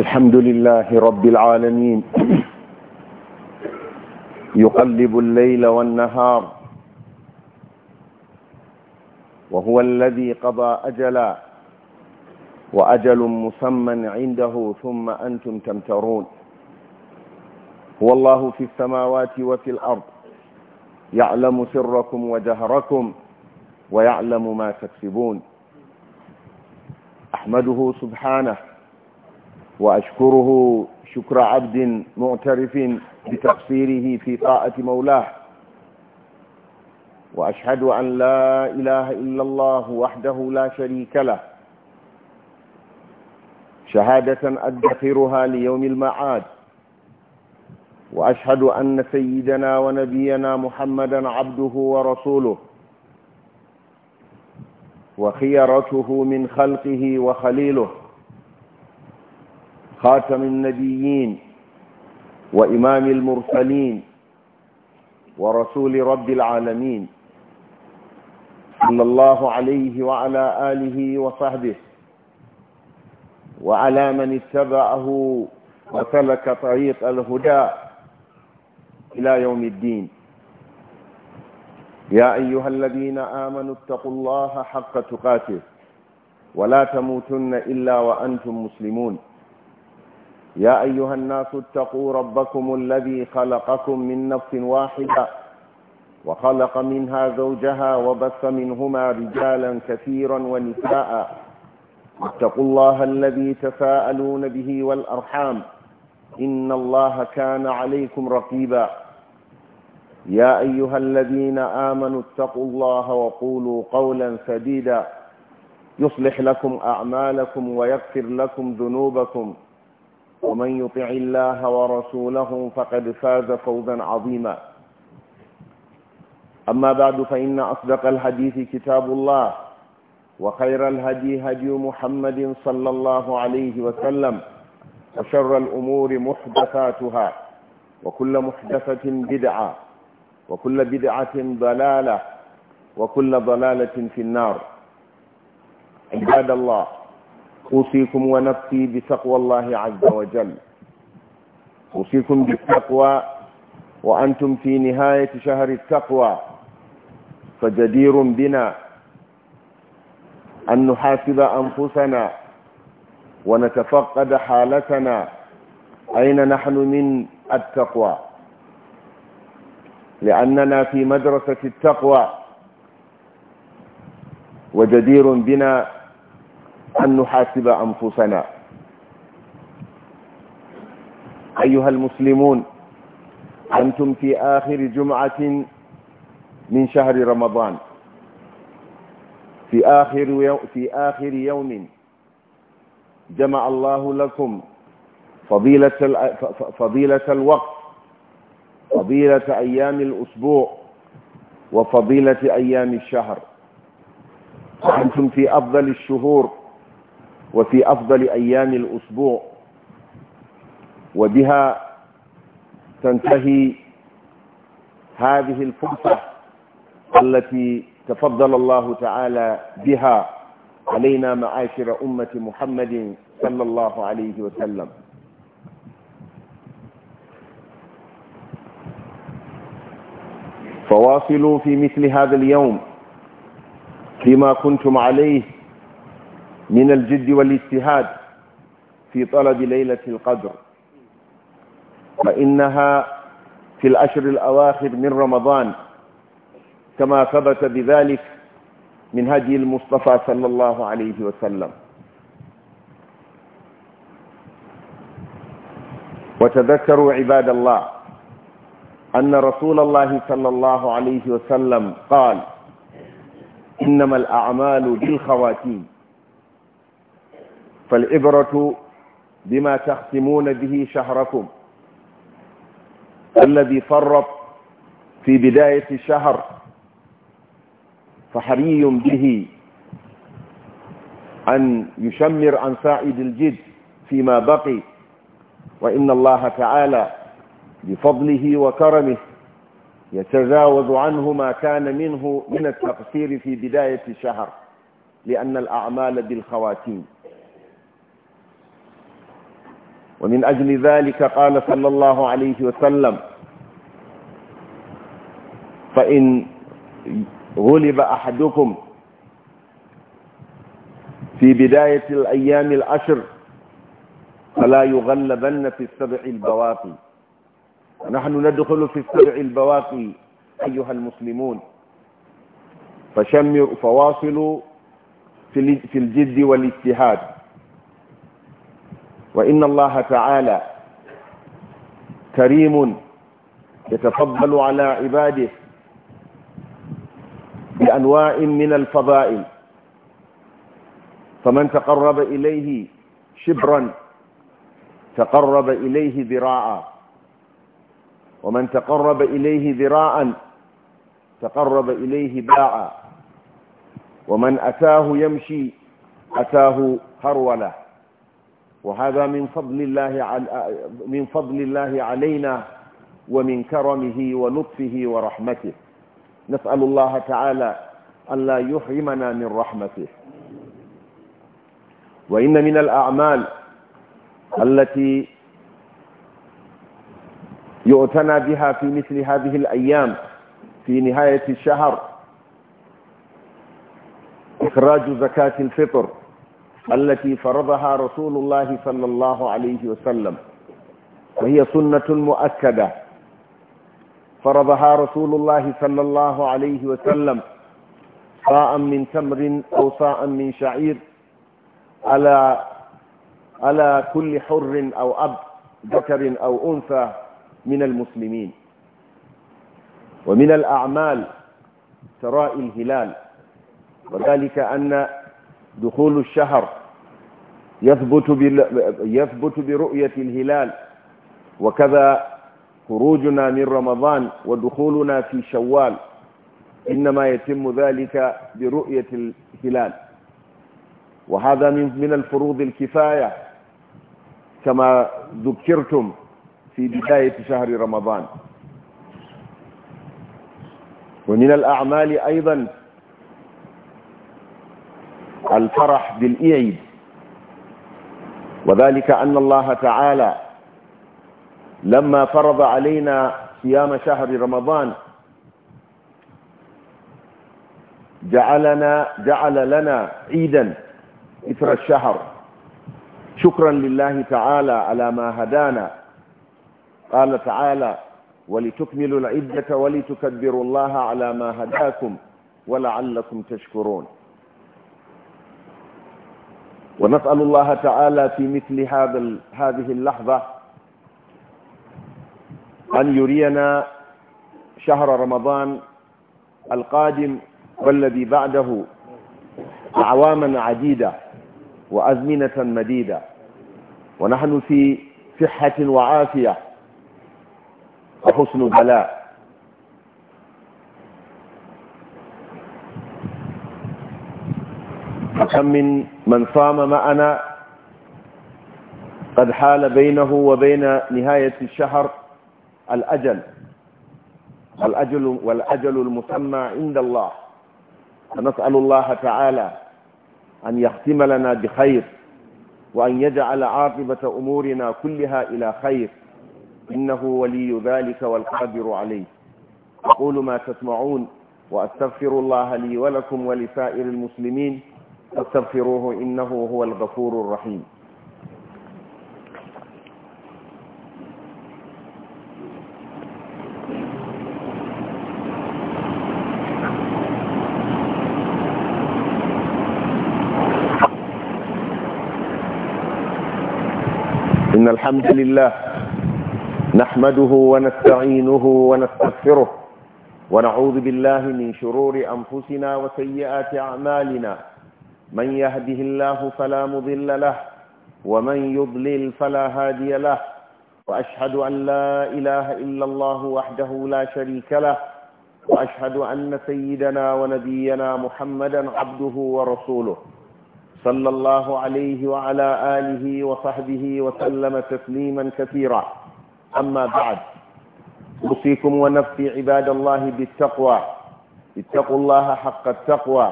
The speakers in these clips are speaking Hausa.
الحمد لله رب العالمين يقلب الليل والنهار وهو الذي قضى أجلا وأجل مسمى عنده ثم أنتم تمترون هو الله في السماوات وفي الأرض يعلم سركم وجهركم ويعلم ما تكسبون أحمده سبحانه وأشكره شكر عبد معترف بتقصيره في طاعة مولاه وأشهد أن لا إله إلا الله وحده لا شريك له شهادة أدخرها ليوم المعاد وأشهد أن سيدنا ونبينا محمدا عبده ورسوله وخيرته من خلقه وخليله خاتم النبيين وإمام المرسلين ورسول رب العالمين صلى الله عليه وعلى آله وصحبه وعلى من اتبعه وسلك طريق الهدى إلى يوم الدين يا أيها الذين آمنوا اتقوا الله حق تقاته ولا تموتن إلا وأنتم مسلمون يا أيها الناس اتقوا ربكم الذي خلقكم من نفس واحدة وخلق منها زوجها وبث منهما رجالا كثيرا ونساء اتقوا الله الذي تساءلون به والأرحام إن الله كان عليكم رقيبا يا أيها الذين آمنوا اتقوا الله وقولوا قولا سديدا يصلح لكم أعمالكم ويغفر لكم ذنوبكم ومن يطع الله ورسوله فقد فاز فوزا عظيما أما بعد فإن أصدق الحديث كتاب الله وخير الهدي هدي محمد صلى الله عليه وسلم وشر الأمور محدثاتها وكل محدثة بدعة وكل بدعة ضلالة وكل ضلالة في النار عباد الله أوصيكم ونفسي بتقوى الله عز وجل أوصيكم بالتقوى وأنتم في نهاية شهر التقوى فجدير بنا أن نحاسب أنفسنا ونتفقد حالتنا أين نحن من التقوى لأننا في مدرسة التقوى وجدير بنا أن نحاسب أنفسنا أيها المسلمون أنتم في آخر جمعة من شهر رمضان في آخر يوم, في آخر يوم جمع الله لكم فضيلة, فضيلة الوقت فضيلة أيام الأسبوع وفضيلة أيام الشهر أنتم في أفضل الشهور وفي أفضل أيام الأسبوع وبها تنتهي هذه الفرصة التي تفضل الله تعالى بها علينا معاشر أمة محمد صلى الله عليه وسلم فواصلوا في مثل هذا اليوم فيما كنتم عليه من الجد والاجتهاد في طلب ليلة القدر فإنها في الأشر الأواخر من رمضان كما ثبت بذلك من هدي المصطفى صلى الله عليه وسلم وتذكروا عباد الله أن رسول الله صلى الله عليه وسلم قال إنما الأعمال بالخواتيم فالعبرة بما تختمون به شهركم الذي فرط في بداية الشهر فحري به أن يشمر عن سائد الجد فيما بقي وإن الله تعالى بفضله وكرمه يتجاوز عنه ما كان منه من التقصير في بداية الشهر لأن الأعمال بالخواتيم ومن أجل ذلك قال صلى الله عليه وسلم فإن غلب أحدكم في بداية الأيام العشر فلا يغلبن في السبع البواقي نحن ندخل في السبع البواقي أيها المسلمون فشمروا فواصلوا في الجد والاجتهاد وإن الله تعالى كريم يتفضل على عباده بأنواع من الفضائل فمن تقرب إليه شبرا تقرب إليه ذراعا ومن تقرب إليه ذراعا تقرب إليه باعا ومن أتاه يمشي أتاه هرولة وهذا من فضل الله من فضل الله علينا ومن كرمه ولطفه ورحمته نسأل الله تعالى أن لا يحرمنا من رحمته وإن من الأعمال التي يؤتنا بها في مثل هذه الأيام في نهاية الشهر إخراج زكاة الفطر التي فرضها رسول الله صلى الله عليه وسلم وهي سنة مؤكدة فرضها رسول الله صلى الله عليه وسلم صاء من تمر أو صاء من شعير على على كل حر أو أب ذكر أو أنثى من المسلمين ومن الأعمال تراء الهلال وذلك أن دخول الشهر يثبت يثبت برؤية الهلال وكذا خروجنا من رمضان ودخولنا في شوال إنما يتم ذلك برؤية الهلال وهذا من من الفروض الكفاية كما ذكرتم في بداية شهر رمضان ومن الأعمال أيضا الفرح بالإعيد وذلك أن الله تعالى لما فرض علينا صيام شهر رمضان جعلنا جعل لنا عيدا إثر الشهر شكرا لله تعالى على ما هدانا قال تعالى ولتكملوا العدة ولتكبروا الله على ما هداكم ولعلكم تشكرون ونسأل الله تعالى في مثل هذا هذه اللحظة أن يرينا شهر رمضان القادم والذي بعده أعواما عديدة وأزمنة مديدة ونحن في صحة وعافية وحسن بلاء وكم من من صام معنا قد حال بينه وبين نهاية الشهر الأجل الأجل والأجل المسمى عند الله فنسأل الله تعالى أن يختم لنا بخير وأن يجعل عاقبة أمورنا كلها إلى خير إنه ولي ذلك والقادر عليه أقول ما تسمعون وأستغفر الله لي ولكم ولسائر المسلمين فاستغفروه إنه هو الغفور الرحيم إن الحمد لله نحمده ونستعينه ونستغفره ونعوذ بالله من شرور أنفسنا وسيئات أعمالنا من يهده الله فلا مضل له ومن يضلل فلا هادي له وأشهد أن لا إله إلا الله وحده لا شريك له وأشهد أن سيدنا ونبينا محمدا عبده ورسوله صلى الله عليه وعلى آله وصحبه وسلم تسليما كثيرا أما بعد أوصيكم ونفسي عباد الله بالتقوى اتقوا الله حق التقوى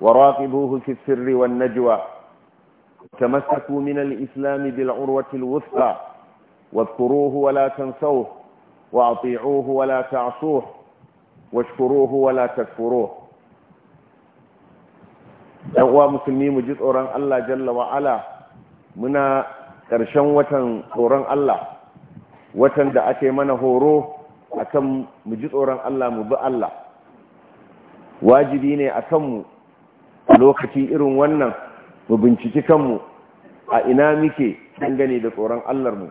وراقبوه في السر والنجوى تمسكوا من الإسلام بالعروة الوثقى واذكروه ولا تنسوه واطيعوه ولا تعصوه واشكروه ولا تكفروه يقوى مسلمين مجد أوران الله جل وعلا منا ترشن وطن أوران الله وطن دا من هوروه أكم مجد أوران الله مبأ الله واجبيني أكمه lokaci irin wannan mu binciki kanmu a ina muke dangane da tsoron mu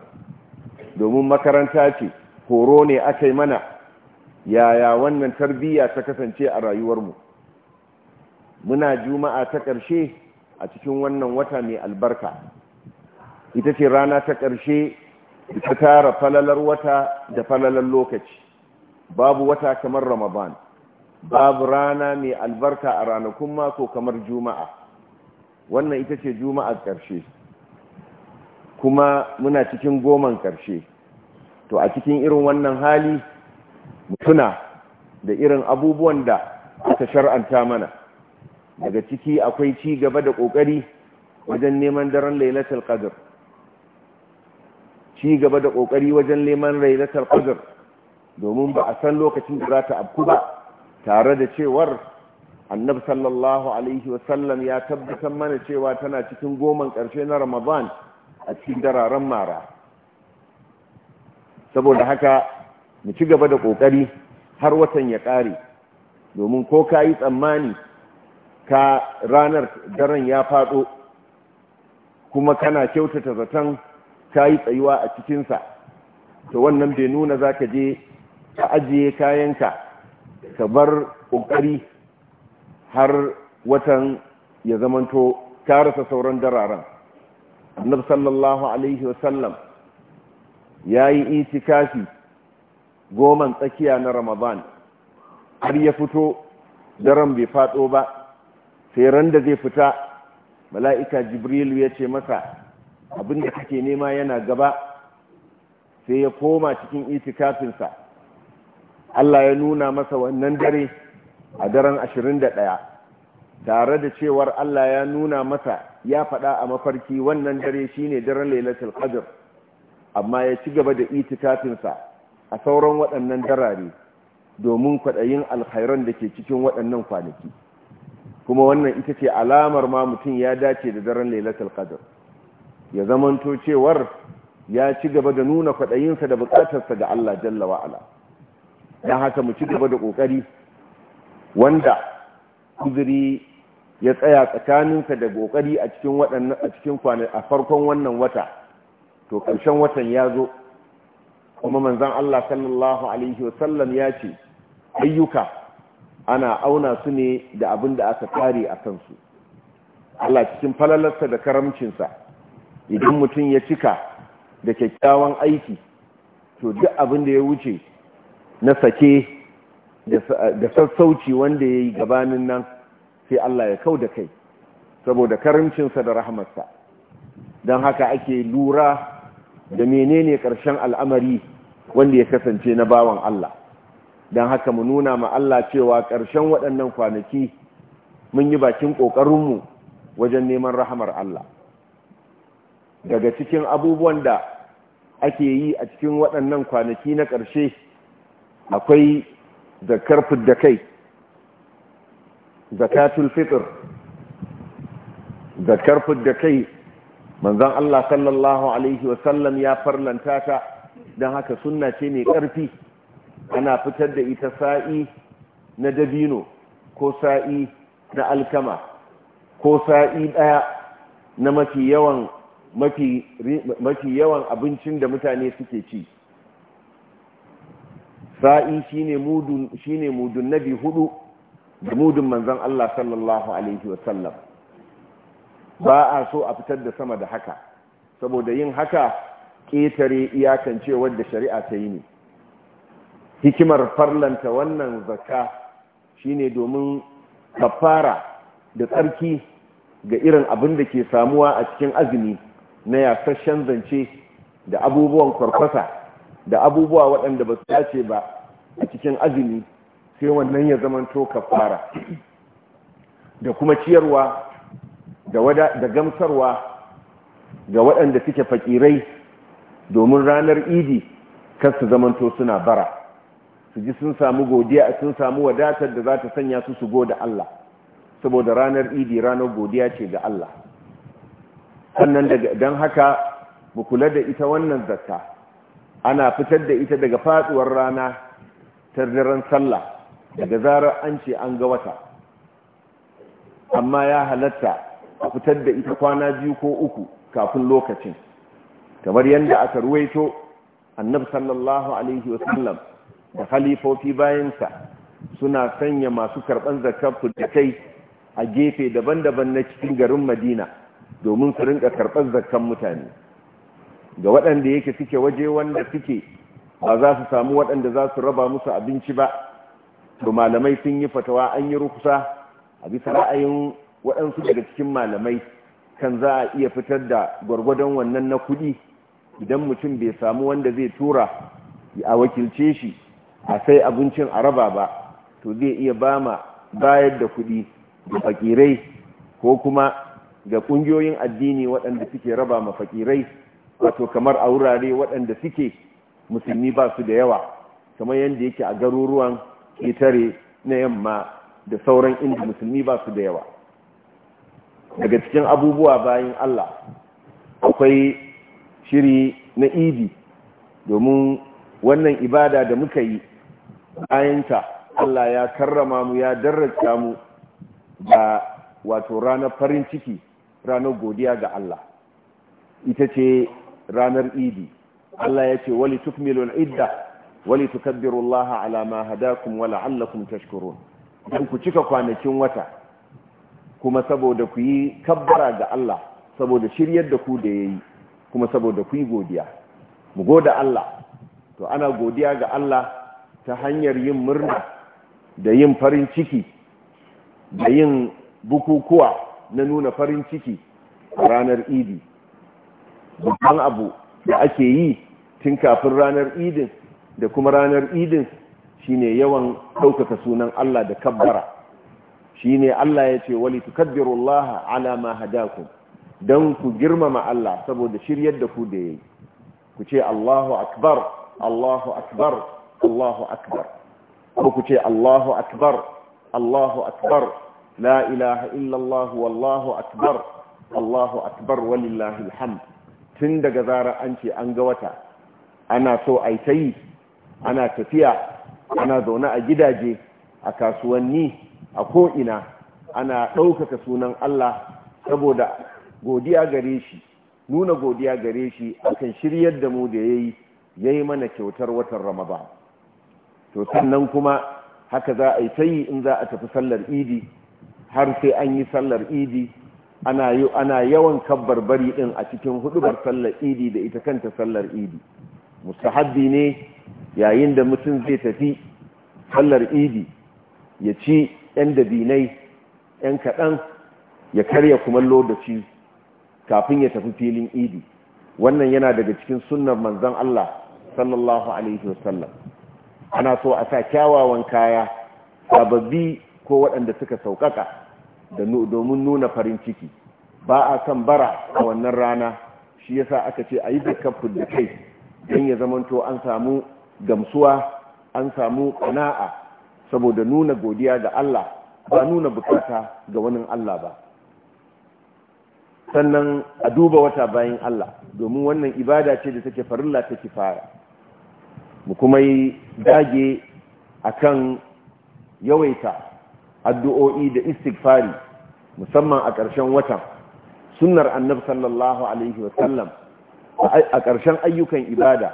domin makaranta ce horo ne aka mana yaya wannan tarbiyya ta kasance a rayuwarmu muna juma'a ta ƙarshe a cikin wannan wata mai albarka ita ce rana ta ƙarshe ta tara falalar wata da falalar lokaci babu wata kamar ramadan babu rana mai albarka a ranakun mako kamar juma'a wannan ita ce juma'ar ƙarshe kuma muna cikin goman ƙarshe to a cikin irin wannan hali mutuna da irin abubuwan da aka shar'anta mana daga ciki akwai ci gaba da ƙoƙari wajen neman daren lailatul qadr ci gaba da ƙoƙari wajen neman lailatul qadr domin ba a san lokacin da za ta abku ba tare da cewar annabi sallallahu alaihi wasallam ya tabbatar mana cewa tana cikin goman ƙarshe na ramadan a cikin dararen mara saboda haka mu ci gaba da ƙoƙari har watan ya ƙare domin ko ka yi tsammani ka ranar daren ya faɗo kuma kana kyautata zaton ka yi tsayuwa a cikinsa to wannan bai nuna za ka je ka ajiye kayanka ka bar ƙoƙari har watan ya zamanto karasa sauran dararen annab sallallahu alaihi wasallam ya yi itikafi goman tsakiya na ramadan har ya fito daren bai faɗo ba sai ran da zai fita mala'ika jibrilu ya ce masa abinda kake nema yana gaba sai ya koma cikin itikafinsa Allah ya nuna masa wannan dare a daren ashirin da ɗaya, tare da cewar Allah ya nuna masa ya faɗa a mafarki wannan dare shine daren lailatul qadr amma ya ci gaba da itikafinsa a sauran waɗannan darare domin kwaɗayin alkhairan da ke cikin waɗannan kwanaki kuma wannan ita ce alamar ma mutum ya dace da daren lailatul qadr ya zamanto cewar ya ci gaba da nuna kwaɗayinsa da buƙatarsa ga Allah jalla wa'ala don haka mu ci gaba da ƙoƙari wanda kuzuri ya tsaya tsakaninka da ƙoƙari a cikin waɗannan a kwanan farkon wannan wata to ƙarshen watan ya zo kuma manzan Allah sallallahu alaihi wasallam ya ce ayyuka ana auna su ne da abin da aka kare a kansu Allah cikin falalarsa da karamcinsa idan mutum ya cika da kyakkyawan aiki to duk abin da ya wuce na sake da sassauci wanda ya yi gabanin nan sai Allah ya kau da kai saboda karimcinsa da rahamarsa don haka ake lura da menene ƙarshen al'amari wanda ya kasance na bawan Allah don haka mu nuna ma Allah cewa ƙarshen waɗannan kwanaki mun yi bakin ƙoƙarinmu wajen neman rahamar Allah daga cikin abubuwan da ake yi a cikin waɗannan kwanaki na ƙarshe akwai zakar fidda kai zakatul fitr zakar fidda kai manzon Allah sallallahu alaihi wasallam ya farlanta ta don haka sunna ce mai ƙarfi ana fitar da ita sa'i na dabino ko sa'i na alkama ko sa'i ɗaya na mafi mafi yawan abincin da mutane suke ci sa'i shine mudun shine mudun nabi hudu da mudun manzon Allah sallallahu alaihi wa ba a so a fitar da sama da haka saboda yin haka ƙetare iyakance wadda shari'a ta yi ne hikimar farlanta wannan zakka shine domin kafara da tsarki ga irin abin da ke samuwa a cikin azumi na yasasshen zance da abubuwan kwarkwasa da abubuwa waɗanda ba su dace ba a cikin azumi sai wannan ya zamanto kafara da kuma ciyarwa da gamsarwa ga waɗanda suke fakirai domin ranar idi kar su zamanto suna bara su ji sun samu godiya sun samu wadatar da za ta sanya su su goda Allah saboda ranar idi ranar godiya ce ga Allah sannan don haka mu kula da ita wannan zakka ana fitar da ita daga faduwar rana ta daren sallah daga zarar an ce an ga wata amma ya halatta a fitar da ita kwana biyu ko uku kafin lokacin kamar yadda aka ruwaito annabi sallallahu alaihi wasallam da halifofi bayansa suna sanya masu karɓar zakar da a gefe daban-daban na cikin garin madina domin su rinka karɓar zakar mutane ga waɗanda yake suke waje wanda suke ba za su samu waɗanda za su raba musu abinci ba to malamai sun yi fatawa an yi rukusa a bisa ra'ayin waɗansu daga cikin malamai kan za a iya fitar da gwargwadon wannan na kuɗi idan mutum bai samu wanda zai tura a wakilce shi a sai abincin a raba ba to zai iya bama bayar da kuɗi ga fakirai ko kuma ga ƙungiyoyin addini waɗanda suke raba ma fakirai wato kamar a wurare waɗanda suke musulmi ba su da yawa kamar yadda yake a garuruwan ƙetare na yamma da sauran inda musulmi ba su da yawa daga cikin abubuwa bayan Allah akwai shiri na idi domin wannan ibada da muka yi bayanta Allah ya karrama mu ya darrata mu ga wato ranar farin ciki ranar godiya ga Allah ita ce ranar idi Allah ya ce wali tukmilun idda wali tukaddiru Allah ala ma hadakum wa la'allakum tashkurun dan ku cika kwanakin wata kuma saboda ku yi kabbara ga Allah saboda shiryar da ku da yayi kuma saboda ku yi godiya mu goda Allah to ana godiya ga Allah ta hanyar yin murna da yin farin ciki da yin bukukuwa na nuna farin ciki ranar idi babban abu da ake yi tun kafin ranar idin da kuma ranar idin shine yawan ɗaukaka sunan Allah da kabbara shine Allah ya ce wali Allah ala ma hadakum dan ku girmama Allah saboda shiryar da ku da yayi ku ce Allahu akbar Allahu akbar Allahu akbar ko ku ce Allahu akbar Allahu akbar la ilaha illa wallahu akbar Allahu akbar walillahi alhamd tun daga zarar an ce an ga wata ana so a ta ana tafiya ana zaune a gidaje a kasuwanni a ko'ina ana ɗaukaka sunan Allah saboda godiya gare shi nuna godiya gare shi akan shiryar da mu da ya yi ya yi mana kyautar watan ramaba to sannan kuma haka za a yi ta in za a tafi sallar idi har sai an yi sallar idi ana yawan kabbar bari ɗin a cikin hudubar sallar idi da ita kanta sallar idi mustahabbi ne yayin da mutum zai tafi sallar idi ya ci yan dabinai yan kaɗan ya karya kuma lodaci kafin ya tafi filin idi wannan yana daga cikin sunnar manzon Allah sallallahu alaihi wasallam ana so a sa kyawawan kaya sababbi ko waɗanda suka sauƙaƙa domin nuna farin ciki ba a kan bara a wannan rana shi yasa aka ce a yi zakafin da kai don ya zamanto an samu gamsuwa an samu kana'a saboda nuna godiya ga Allah ba nuna bukata ga wani Allah ba sannan a duba wata bayan Allah domin wannan ibada ce da take farilla ta fara mu kuma yi dage akan yawaita addu'o'i da istighfari musamman a ƙarshen watan sunnar annab sallallahu alaihi wasallam a ƙarshen ayyukan ibada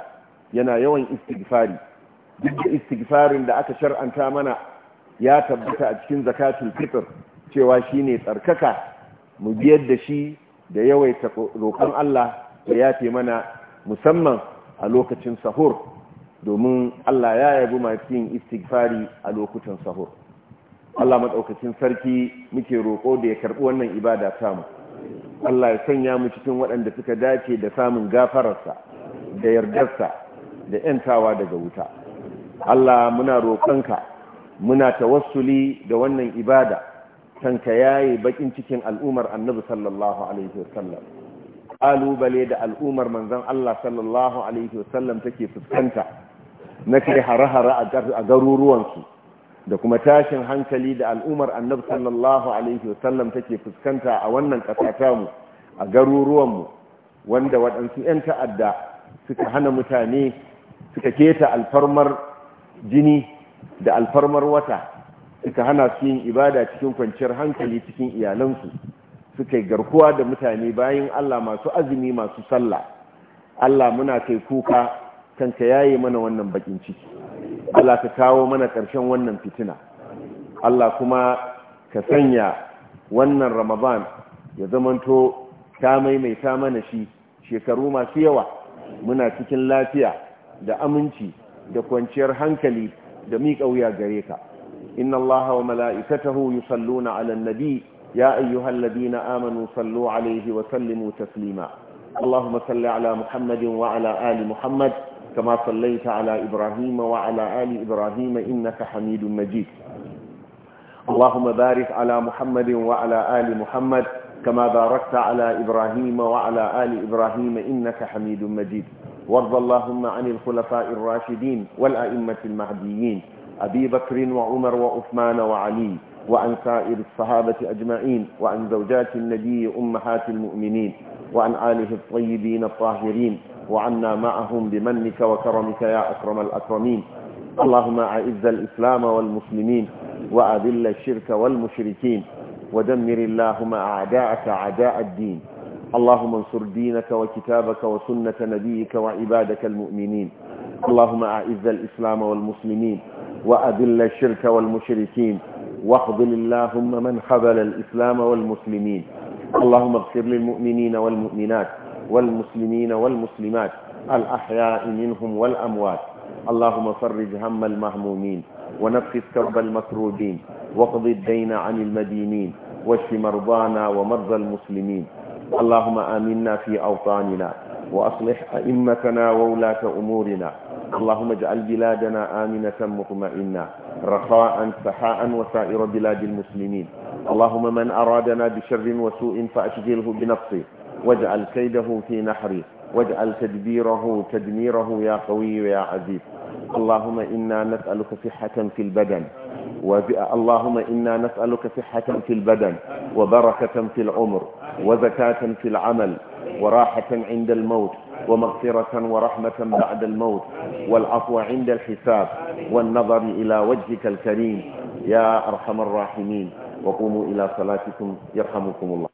yana yawan istighfari duk da istighfarin da aka shar'anta mana ya tabbata a cikin zakatul fitr cewa shine tsarkaka mu biyar da shi da yawaita roƙon Allah da yafe mana musamman a lokacin sahur domin Allah ya yabi masu yin istighfari a lokutan sahur Allah maɗaukacin sarki muke roƙo da ya karɓi wannan ibada samu Allah ya sanya mu cikin waɗanda suka dace da samun gafararsa da yardarsa da ‘yantawa daga wuta Allah muna roƙonka muna tawassuli da wannan ibada tanka yaye baƙin cikin al'umar annabi sallallahu alaihi wasallam ƙalubale da al'umar manzan Allah sallallahu alaihi wasallam take fuskanta na kai hare-hare a garuruwansu da kuma tashin hankali da al'umar annabi sallallahu alaihi wa sallam take fuskanta a wannan ƙasa mu a garuruwan mu, wanda waɗansu 'yan ta'adda suka hana mutane suka keta alfarmar jini da alfarmar wata suka hana su yin ibada cikin kwanciyar hankali cikin iyalansu suka yi garkuwa da mutane bayan Allah masu azumi masu sallah Allah muna kai kuka kanka yayi mana wannan bakin ciki Allah ka kawo mana ƙarshen wannan fitina Allah kuma ka sanya wannan ramadan ya zamanto ta maimaita mana shi shekaru masu yawa muna cikin lafiya da aminci da kwanciyar hankali da miƙa wuya gare ka inna allaha wa mala'ikatahu yusalluna 'alan nabi ya ayyuhalladhina amanu sallu 'alayhi wa sallimu taslima اللهم ala muhammadin wa ala ali muhammad. كما صليت على إبراهيم وعلى آل إبراهيم إنك حميد مجيد اللهم بارك على محمد وعلى آل محمد كما باركت على إبراهيم وعلى آل إبراهيم إنك حميد مجيد وارض اللهم عن الخلفاء الراشدين والأئمة المهديين أبي بكر وعمر وعثمان وعلي وعن سائر الصحابة أجمعين وعن زوجات النبي أمهات المؤمنين وعن آله الطيبين الطاهرين وعنا معهم بمنك وكرمك يا أكرم الأكرمين اللهم أعز الإسلام والمسلمين وأذل الشرك والمشركين ودمر اللهم أعداءك أعداء الدين اللهم انصر دينك وكتابك وسنة نبيك وعبادك المؤمنين اللهم أعز الإسلام والمسلمين وأذل الشرك والمشركين واخذل اللهم من خذل الإسلام والمسلمين اللهم اغفر للمؤمنين والمؤمنات والمسلمين والمسلمات الأحياء منهم والأموات اللهم فرج هم المهمومين ونفس كرب المكروبين واقض الدين عن المدينين واشف مرضانا ومرضى المسلمين اللهم آمنا في أوطاننا وأصلح أئمتنا وولاة أمورنا اللهم اجعل بلادنا آمنة مطمئنة رخاء سحاء وسائر بلاد المسلمين اللهم من أرادنا بشر وسوء فأشغله بنفسه واجعل كيده في نحره واجعل تدبيره تدميره يا قوي يا عزيز اللهم إنا نسألك صحة في البدن اللهم إنا نسألك صحة في البدن وبركة في العمر وزكاة في العمل وراحة عند الموت ومغفرة ورحمة بعد الموت والعفو عند الحساب والنظر إلى وجهك الكريم يا أرحم الراحمين وقوموا إلى صلاتكم يرحمكم الله